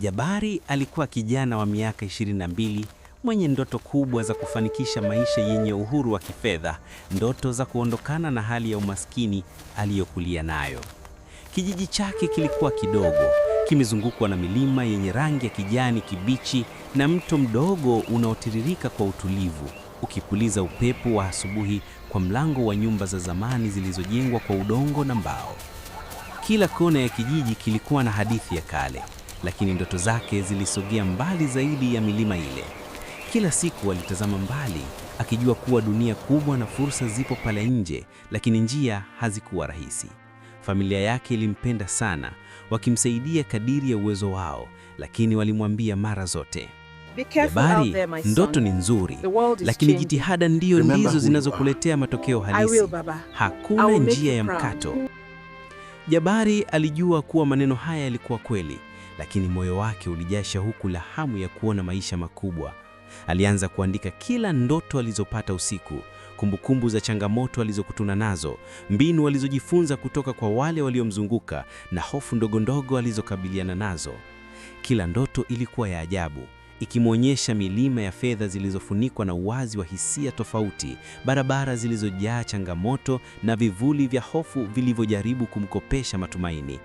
Jabari alikuwa kijana wa miaka 22 mwenye ndoto kubwa za kufanikisha maisha yenye uhuru wa kifedha, ndoto za kuondokana na hali ya umaskini aliyokulia nayo. Kijiji chake kilikuwa kidogo, kimezungukwa na milima yenye rangi ya kijani kibichi na mto mdogo unaotiririka kwa utulivu, ukipuliza upepo wa asubuhi kwa mlango wa nyumba za zamani zilizojengwa kwa udongo na mbao. Kila kona ya kijiji kilikuwa na hadithi ya kale lakini ndoto zake zilisogea mbali zaidi ya milima ile. Kila siku alitazama mbali, akijua kuwa dunia kubwa na fursa zipo pale nje, lakini njia hazikuwa rahisi. Familia yake ilimpenda sana, wakimsaidia kadiri ya uwezo wao, lakini walimwambia mara zote, habari ndoto ni nzuri, lakini jitihada ndiyo ndizo zinazokuletea matokeo halisi. Hakuna njia ya mkato Jabari alijua kuwa maneno haya yalikuwa kweli lakini moyo wake ulijaa shauku la hamu ya kuona maisha makubwa. Alianza kuandika kila ndoto alizopata usiku, kumbukumbu za changamoto alizokutana nazo, mbinu alizojifunza kutoka kwa wale waliomzunguka na hofu ndogo ndogo alizokabiliana nazo. Kila ndoto ilikuwa ya ajabu, ikimwonyesha milima ya fedha zilizofunikwa na uwazi wa hisia tofauti, barabara zilizojaa changamoto na vivuli vya hofu vilivyojaribu kumkopesha matumaini.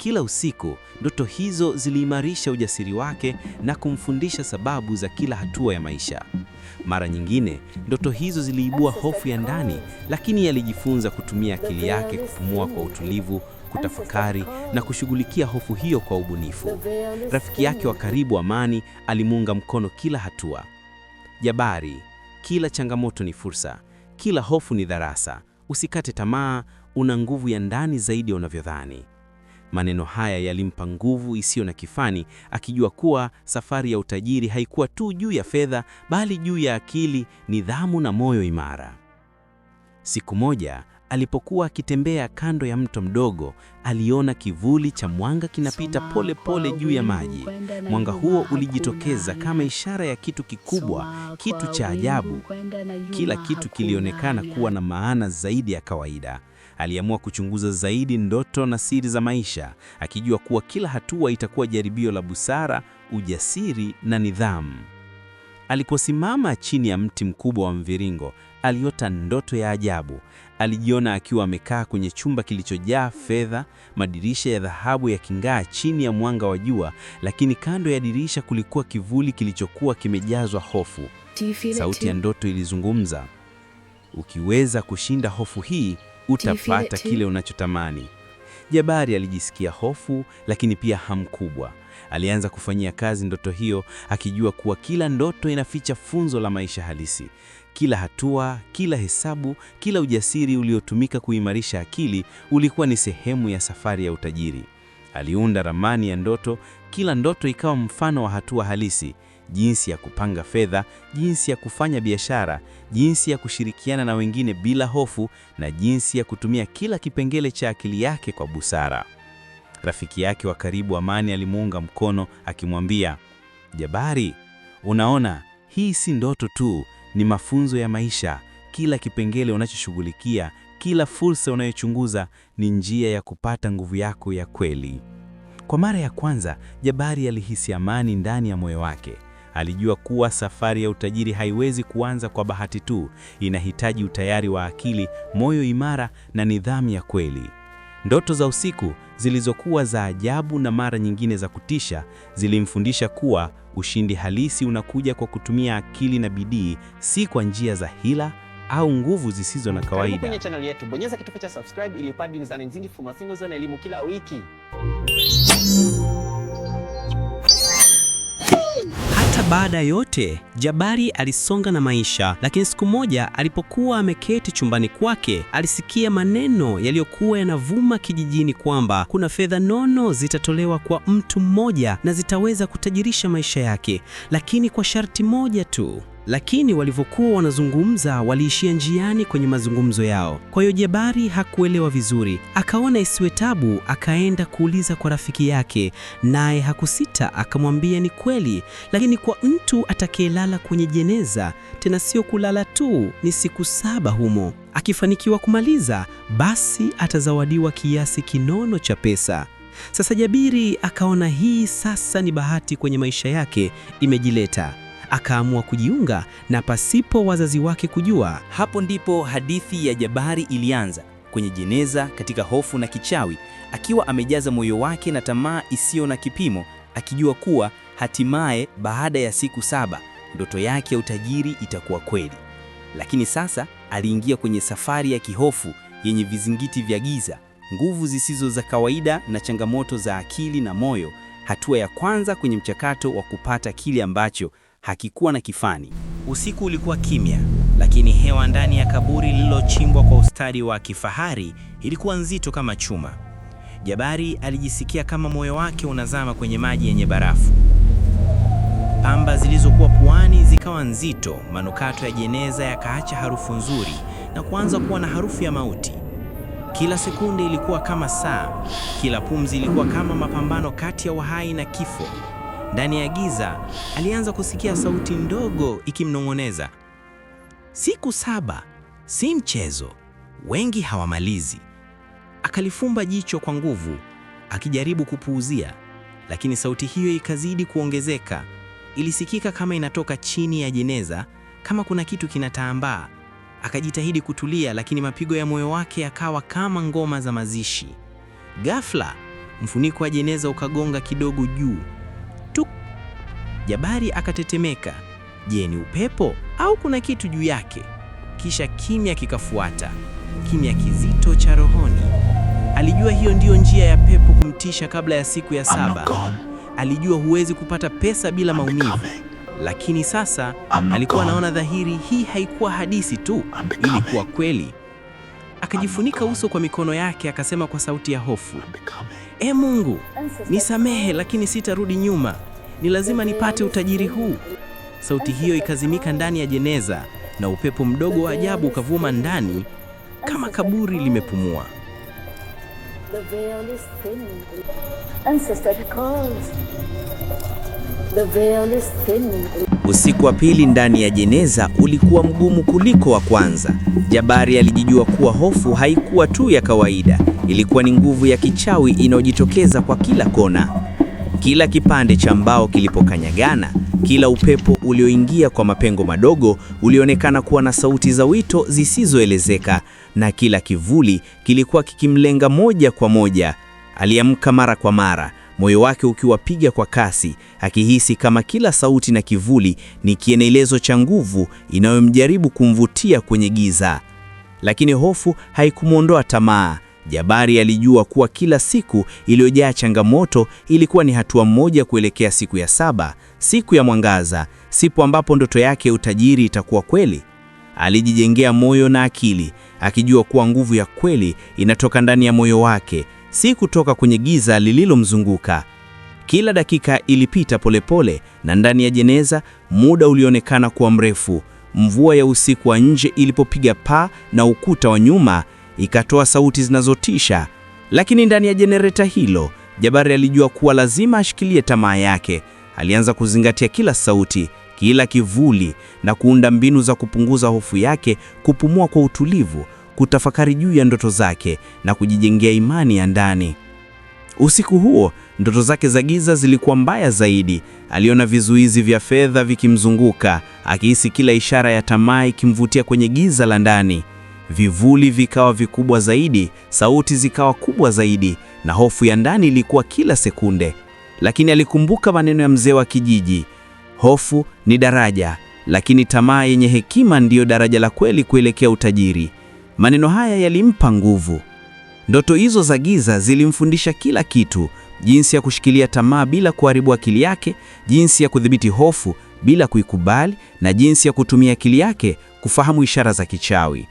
Kila usiku ndoto hizo ziliimarisha ujasiri wake na kumfundisha sababu za kila hatua ya maisha. Mara nyingine ndoto hizo ziliibua hofu ya ndani, lakini alijifunza kutumia akili yake kupumua kwa utulivu, kutafakari na kushughulikia hofu hiyo kwa ubunifu. Rafiki yake wa karibu Amani alimuunga mkono kila hatua. Jabari, kila changamoto ni fursa, kila hofu ni darasa. Usikate tamaa, una nguvu ya ndani zaidi ya unavyodhani. Maneno haya yalimpa nguvu isiyo na kifani, akijua kuwa safari ya utajiri haikuwa tu juu ya fedha, bali juu ya akili, nidhamu na moyo imara. Siku moja alipokuwa akitembea kando ya mto mdogo, aliona kivuli cha mwanga kinapita pole pole juu ya maji. Mwanga huo ulijitokeza kama ishara ya kitu kikubwa, kitu cha ajabu. Kila kitu kilionekana kuwa na maana zaidi ya kawaida aliamua kuchunguza zaidi ndoto na siri za maisha, akijua kuwa kila hatua itakuwa jaribio la busara, ujasiri na nidhamu. Aliposimama chini ya mti mkubwa wa mviringo, aliota ndoto ya ajabu. Alijiona akiwa amekaa kwenye chumba kilichojaa fedha, madirisha ya dhahabu yaking'aa chini ya mwanga wa jua, lakini kando ya dirisha kulikuwa kivuli kilichokuwa kimejazwa hofu. Sauti ya ndoto ilizungumza, ukiweza kushinda hofu hii, utapata kile unachotamani. Jabari alijisikia hofu, lakini pia hamu kubwa. Alianza kufanyia kazi ndoto hiyo, akijua kuwa kila ndoto inaficha funzo la maisha halisi. Kila hatua, kila hesabu, kila ujasiri uliotumika kuimarisha akili ulikuwa ni sehemu ya safari ya utajiri. Aliunda ramani ya ndoto, kila ndoto ikawa mfano wa hatua halisi jinsi ya kupanga fedha, jinsi ya kufanya biashara, jinsi ya kushirikiana na wengine bila hofu na jinsi ya kutumia kila kipengele cha akili yake kwa busara. Rafiki yake wa karibu Amani alimuunga mkono akimwambia, Jabari, unaona hii si ndoto tu, ni mafunzo ya maisha. Kila kipengele unachoshughulikia, kila fursa unayochunguza ni njia ya kupata nguvu yako ya kweli. Kwa mara ya kwanza, Jabari alihisi amani ndani ya moyo wake. Alijua kuwa safari ya utajiri haiwezi kuanza kwa bahati tu, inahitaji utayari wa akili, moyo imara na nidhamu ya kweli. Ndoto za usiku zilizokuwa za ajabu na mara nyingine za kutisha zilimfundisha kuwa ushindi halisi unakuja kwa kutumia akili na bidii, si kwa njia za hila au nguvu zisizo na kawaida. Kwenye channel yetu bonyeza kitufe cha subscribe ili upate zingine za elimu kila wiki. Hata baada ya yote, Jabari alisonga na maisha, lakini siku moja alipokuwa ameketi chumbani kwake, alisikia maneno yaliyokuwa yanavuma kijijini kwamba kuna fedha nono zitatolewa kwa mtu mmoja na zitaweza kutajirisha maisha yake, lakini kwa sharti moja tu lakini walivyokuwa wanazungumza waliishia njiani kwenye mazungumzo yao. Kwa hiyo Jabari hakuelewa vizuri, akaona isiwe tabu, akaenda kuuliza kwa rafiki yake, naye hakusita, akamwambia ni kweli, lakini kwa mtu atakayelala kwenye jeneza, tena sio kulala tu, ni siku saba humo. Akifanikiwa kumaliza, basi atazawadiwa kiasi kinono cha pesa. Sasa Jabiri akaona hii sasa ni bahati kwenye maisha yake imejileta akaamua kujiunga na pasipo wazazi wake kujua. Hapo ndipo hadithi ya Jabari ilianza, kwenye jeneza, katika hofu na kichawi, akiwa amejaza moyo wake na tamaa isiyo na kipimo, akijua kuwa hatimaye baada ya siku saba ndoto yake ya utajiri itakuwa kweli. Lakini sasa aliingia kwenye safari ya kihofu yenye vizingiti vya giza, nguvu zisizo za kawaida na changamoto za akili na moyo, hatua ya kwanza kwenye mchakato wa kupata kile ambacho hakikuwa na kifani. Usiku ulikuwa kimya, lakini hewa ndani ya kaburi lililochimbwa kwa ustadi wa kifahari ilikuwa nzito kama chuma. Jabari alijisikia kama moyo wake unazama kwenye maji yenye barafu. Pamba zilizokuwa puani zikawa nzito, manukato ya jeneza yakaacha harufu nzuri na kuanza kuwa na harufu ya mauti. Kila sekunde ilikuwa kama saa, kila pumzi ilikuwa kama mapambano kati ya uhai na kifo. Ndani ya giza alianza kusikia sauti ndogo ikimnong'oneza, siku saba si mchezo, wengi hawamalizi. Akalifumba jicho kwa nguvu akijaribu kupuuzia, lakini sauti hiyo ikazidi kuongezeka. Ilisikika kama inatoka chini ya jeneza, kama kuna kitu kinataambaa. Akajitahidi kutulia, lakini mapigo ya moyo wake yakawa kama ngoma za mazishi. Ghafla mfuniko wa jeneza ukagonga kidogo juu Jabari akatetemeka. Je, ni upepo au kuna kitu juu yake? Kisha kimya kikafuata, kimya kizito cha rohoni. Alijua hiyo ndiyo njia ya pepo kumtisha kabla ya siku ya saba. Alijua huwezi kupata pesa bila maumivu, lakini sasa alikuwa anaona dhahiri, hii haikuwa hadisi tu, ilikuwa kweli. Akajifunika uso kwa mikono yake, akasema kwa sauti ya hofu, E Mungu, nisamehe, lakini sitarudi nyuma ni lazima nipate utajiri huu. Sauti hiyo ikazimika ndani ya jeneza na upepo mdogo wa ajabu ukavuma ndani kama kaburi limepumua. Usiku wa pili ndani ya jeneza ulikuwa mgumu kuliko wa kwanza. Jabari alijijua kuwa hofu haikuwa tu ya kawaida, ilikuwa ni nguvu ya kichawi inayojitokeza kwa kila kona. Kila kipande cha mbao kilipokanyagana, kila upepo ulioingia kwa mapengo madogo ulionekana kuwa na sauti za wito zisizoelezeka, na kila kivuli kilikuwa kikimlenga moja kwa moja. Aliamka mara kwa mara, moyo wake ukiwapiga kwa kasi, akihisi kama kila sauti na kivuli ni kienelezo cha nguvu inayomjaribu kumvutia kwenye giza. Lakini hofu haikumwondoa tamaa. Jabari alijua kuwa kila siku iliyojaa changamoto ilikuwa ni hatua moja kuelekea siku ya saba, siku ya mwangaza, siku ambapo ndoto yake ya utajiri itakuwa kweli. Alijijengea moyo na akili, akijua kuwa nguvu ya kweli inatoka ndani ya moyo wake, si kutoka kwenye giza lililomzunguka. Kila dakika ilipita polepole pole, na ndani ya jeneza muda ulionekana kuwa mrefu. Mvua ya usiku wa nje ilipopiga paa na ukuta wa nyuma ikatoa sauti zinazotisha, lakini ndani ya jenereta hilo Jabari alijua kuwa lazima ashikilie tamaa yake. Alianza kuzingatia kila sauti, kila kivuli na kuunda mbinu za kupunguza hofu yake, kupumua kwa utulivu, kutafakari juu ya ndoto zake na kujijengea imani ya ndani. Usiku huo ndoto zake za giza zilikuwa mbaya zaidi. Aliona vizuizi vya fedha vikimzunguka, akihisi kila ishara ya tamaa ikimvutia kwenye giza la ndani. Vivuli vikawa vikubwa zaidi, sauti zikawa kubwa zaidi, na hofu ya ndani ilikuwa kila sekunde. Lakini alikumbuka maneno ya mzee wa kijiji, hofu ni daraja, lakini tamaa yenye hekima ndiyo daraja la kweli kuelekea utajiri. Maneno haya yalimpa nguvu. Ndoto hizo za giza zilimfundisha kila kitu, jinsi ya kushikilia tamaa bila kuharibu akili yake, jinsi ya kudhibiti hofu bila kuikubali, na jinsi ya kutumia akili yake kufahamu ishara za kichawi.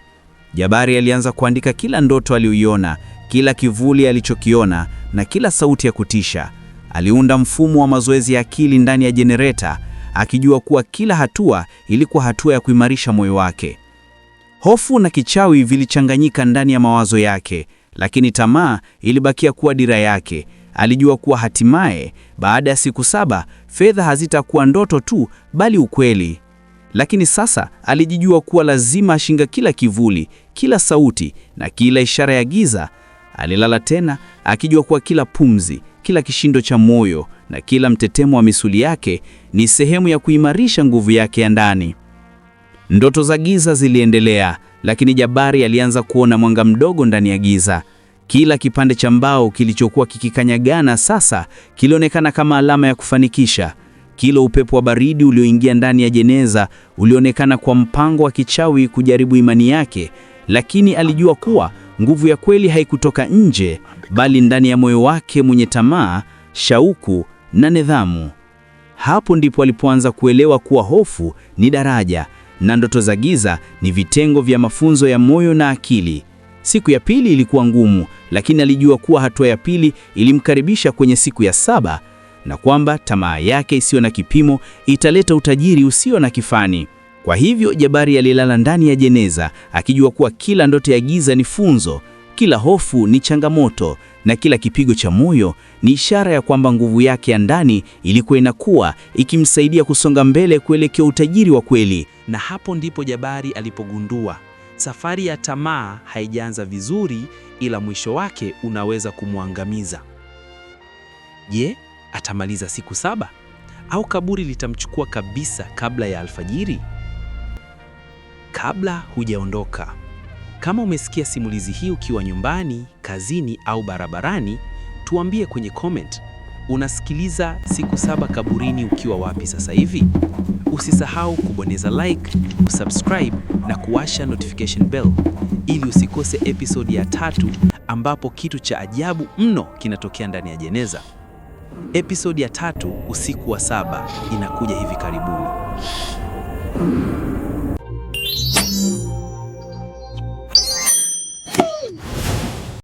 Jabari alianza kuandika kila ndoto aliyoiona, kila kivuli alichokiona na kila sauti ya kutisha. Aliunda mfumo wa mazoezi ya akili ndani ya jenereta, akijua kuwa kila hatua ilikuwa hatua ya kuimarisha moyo wake. Hofu na kichawi vilichanganyika ndani ya mawazo yake, lakini tamaa ilibakia kuwa dira yake. Alijua kuwa hatimaye, baada ya siku saba, fedha hazitakuwa ndoto tu, bali ukweli. Lakini sasa alijijua kuwa lazima ashinga kila kivuli, kila sauti na kila ishara ya giza. Alilala tena akijua kuwa kila pumzi, kila kishindo cha moyo na kila mtetemo wa misuli yake ni sehemu ya kuimarisha nguvu yake ya ndani. Ndoto za giza ziliendelea, lakini Jabari alianza kuona mwanga mdogo ndani ya giza. Kila kipande cha mbao kilichokuwa kikikanyagana sasa kilionekana kama alama ya kufanikisha. Kila upepo wa baridi ulioingia ndani ya jeneza ulionekana kwa mpango wa kichawi kujaribu imani yake, lakini alijua kuwa nguvu ya kweli haikutoka nje, bali ndani ya moyo wake mwenye tamaa, shauku na nidhamu. Hapo ndipo alipoanza kuelewa kuwa hofu ni daraja na ndoto za giza ni vitengo vya mafunzo ya moyo na akili. Siku ya pili ilikuwa ngumu, lakini alijua kuwa hatua ya pili ilimkaribisha kwenye siku ya saba na kwamba tamaa yake isiyo na kipimo italeta utajiri usio na kifani. Kwa hivyo Jabari alilala ndani ya jeneza akijua kuwa kila ndoto ya giza ni funzo, kila hofu ni changamoto, na kila kipigo cha moyo ni ishara ya kwamba nguvu yake ya ndani ilikuwa inakuwa, ikimsaidia kusonga mbele kuelekea utajiri wa kweli. Na hapo ndipo Jabari alipogundua safari ya tamaa haijaanza vizuri, ila mwisho wake unaweza kumwangamiza. Je, Atamaliza siku saba au kaburi litamchukua kabisa kabla ya alfajiri? Kabla hujaondoka, kama umesikia simulizi hii ukiwa nyumbani, kazini au barabarani, tuambie kwenye comment. Unasikiliza siku saba kaburini ukiwa wapi sasa hivi? Usisahau kubonyeza like, kusubscribe na kuwasha notification bell ili usikose episode ya tatu ambapo kitu cha ajabu mno kinatokea ndani ya jeneza. Episodi ya tatu usiku wa saba inakuja hivi karibuni.